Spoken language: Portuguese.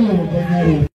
muda, garoto.